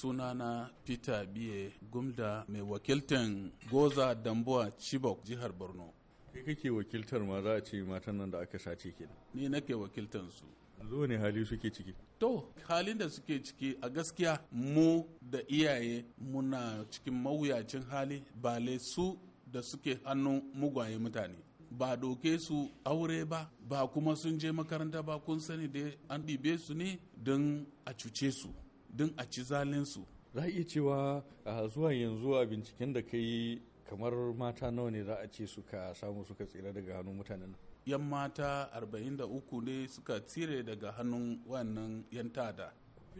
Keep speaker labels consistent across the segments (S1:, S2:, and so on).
S1: sunana peter biye gumda mai wakiltan goza dambuwa chibok jihar borno kai kake wakiltar ma za a ce matan nan da aka sace kenan ni nake wakiltan su
S2: zo ne hali suke ciki
S1: to halin da suke ciki a gaskiya mu da iyaye muna cikin mawuyacin hali ba su da suke hannun mugwaye mutane ba doke su aure ba ba kuma sun je makaranta ba kun sani dai an ɗibe su ne don a cuce su don a ci
S2: zalinsu za iya cewa zuwa yanzu a binciken da ka yi kamar mata nawa ne za a ce suka samu suka tsira daga hannun mutanen
S1: yan mata 43 ne suka tsire daga hannun wannan yan tada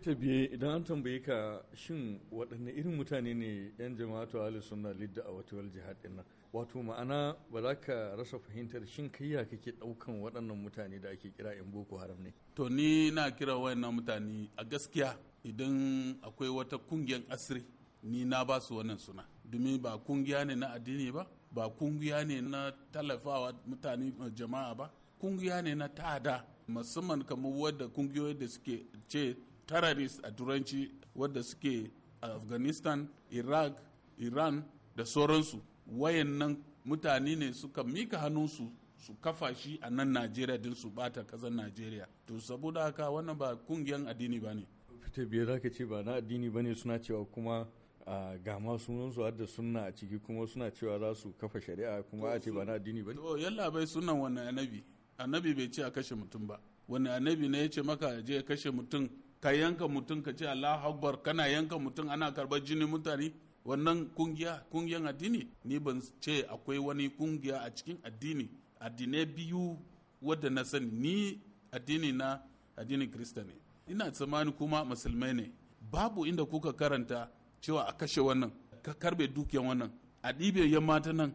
S1: ta biye idan an tambaye ka
S2: shin waɗanne irin mutane ne 'yan jama'atu Ali suna lidda a wata jihad ɗin nan wato ma'ana ba za ka rasa fahimtar shin kai ya kake ɗaukan waɗannan mutane da ake kira
S1: 'yan boko haram ne to ni na kira wayannan mutane a gaskiya idan akwai wata kungiyar asiri ni na ba su wannan suna domin ba kungiya ne na addini ba ba kungiya ne na tallafawa mutane eh, jama'a ba kungiya ne na ta'ada musamman kamar wadda kungiyoyi da suke ce terrorist a turanci wadda suke afghanistan iraq iran da sauransu wayannan mutane ne suka mika hannunsu su kafa shi a nan najeriya din su bata kasar najeriya to saboda haka wannan ba kungiyan addini ba ne
S2: ta biyar zaka ce ba na addini bane suna cewa kuma a gama sunansu har da sunna a ciki kuma suna cewa za su kafa shari'a kuma a ce ba na addini ne.
S1: to yalla bai sunan wani annabi annabi bai ce a kashe mutum ba wani annabi ne ya ce maka je kashe mutum ka yanka mutum ka ce allah Akbar kana yanka mutum ana karbar jinin mutane wannan kungiya kungiyan addini ni ban ce akwai wani kungiya a cikin addini addinai biyu wadda na sani ni addini na addinin Kirista ne ina tsammani kuma musulmai ne babu inda kuka karanta cewa a kashe wannan ka karbe dukiyan wannan a ɗibe yan mata nan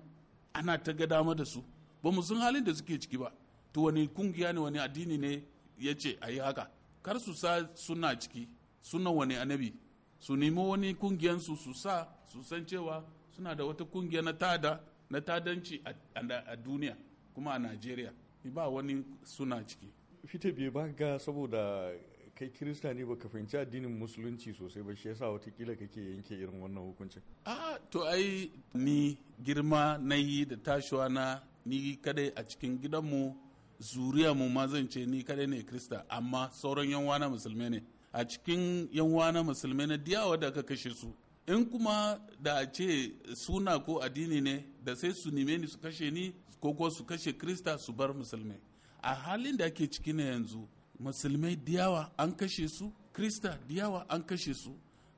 S1: ana ta ga dama da su ba mu sun halin da suke ciki ba to wani kungiya ne wani addini ne ya ce a yi haka kar su sa suna ciki suna wani anabi su nemi wani kungiyansu su sa su san cewa suna da wata kungiya na tada na tadanci a duniya kuma a najeriya ba wani suna ciki
S2: fita bai ba ga saboda kai kirista ne baka fahimci addinin musulunci sosai ba shi yasa
S1: watakila kake yanke irin wannan hukuncin a to ai ni girma na yi da tashiwa na ni kadai a cikin gidanmu zuriya mu ma zan ce ni kadai ne kirista amma sauran yan wana musulmai ne a cikin yan wana musulmai na diyawa da aka kashe su in kuma da a ce suna ko addini ne da sai su nime ni su kashe ni ko ko su kashe krista su bar musulmai a halin da ake ciki na yanzu musulmai diyawa an kashe su krista diyawa an kashe su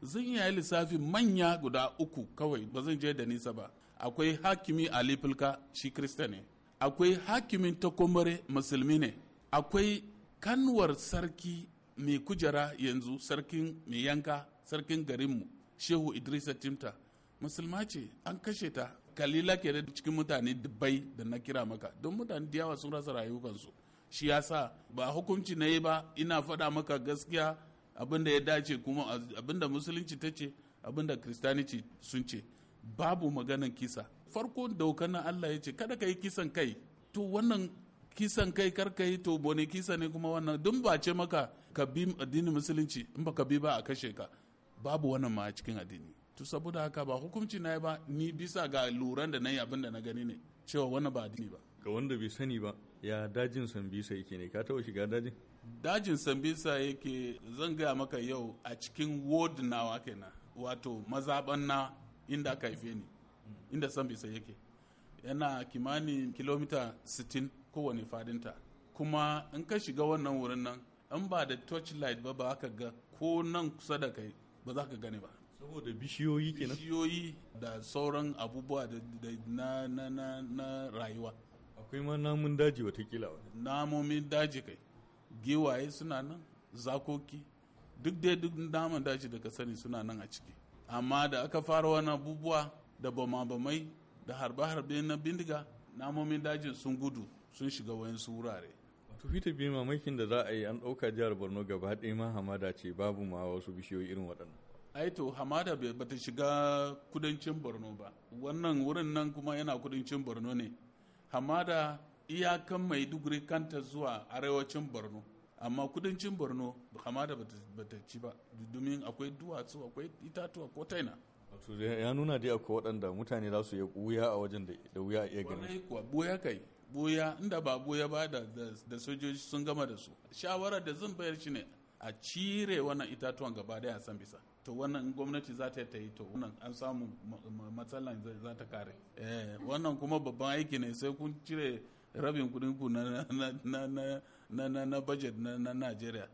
S1: zan yi lissafi manya guda uku kawai ba zan je da nisa ba akwai hakimi ali fulka shi krista ne akwai hakimin takomare musulmi ne akwai kanwar sarki mai kujera yanzu sarkin mai yanka sarkin garinmu shehu idrisa timta musulma ce an kashe ta kalila ke da cikin mutane dubbai da na kira maka don mutane da yawa sun rasa rayukansu shi sa ba hukunci na yi ba ina faɗa maka gaskiya abinda ya dace kuma abinda musulunci ta ce abinda da sun ce babu maganan kisa farko daukan na allah ya ce kada ka yi kisan kai to wannan kisan kai kar ka yi to bone kisa ne kuma wannan dun ba ce maka ka bi addinin musulunci in ba ka bi ba a kashe ka babu wannan ma a cikin addini to saboda haka ba hukunci na ba ni bisa ga luran da na yi abin da na gani ne cewa wannan ba addini ba ga wanda bai sani ba ya dajin sambisa yake ne ka taɓa shiga dajin dajin sambisa yake zan gaya maka yau a cikin ward nawa kenan wato mazaban na inda aka haife ni inda sambisa yake yana kimanin kilomita 60 kowane fadinta kuma in ka shiga wannan wurin nan in ba da torchlight ba ba ka ga ko nan kusa da kai ba za ka gane ba saboda
S2: bishiyoyi
S1: kenan bishiyoyi da sauran abubuwa da na rayuwa akwai ma namun daji watakila wani namomin daji kai giwaye suna nan zakoki duk dai duk namun daji da ka sani suna nan a ciki amma da aka fara wani abubuwa da bama-bamai da harba harbe na bindiga namomin dajin sun gudu sun shiga wayansu wurare
S2: fita biyu mamakin da za a yi an ɗauka jihar borno gaba ɗaya ma hamada ce babu ma wasu bishiyoyi irin waɗannan
S1: aito to hamada bai ta shiga kudancin borno ba wannan wurin nan kuma yana kudancin borno ne hamada iyakan maiduguri kanta zuwa arewacin borno amma kudancin borno hamada ba ta ci ba domin akwai duwatsu akwai itatuwa ko taina
S2: ya nuna dai akwai waɗanda mutane za su iya wuya a wajen da wuya a iya gani
S1: kuwa buya kai ɓuya inda ba buya ba da sojoji sun gama da su shawarar da zan bayar shi ne a cire wannan itatuwan gaba daya a san bisa to wannan gwamnati za ta yi to wannan an samu matsalan za ta kare eh, wannan kuma babban aiki ne sai kun cire rabin kudin ku na na na na na budget na Najeriya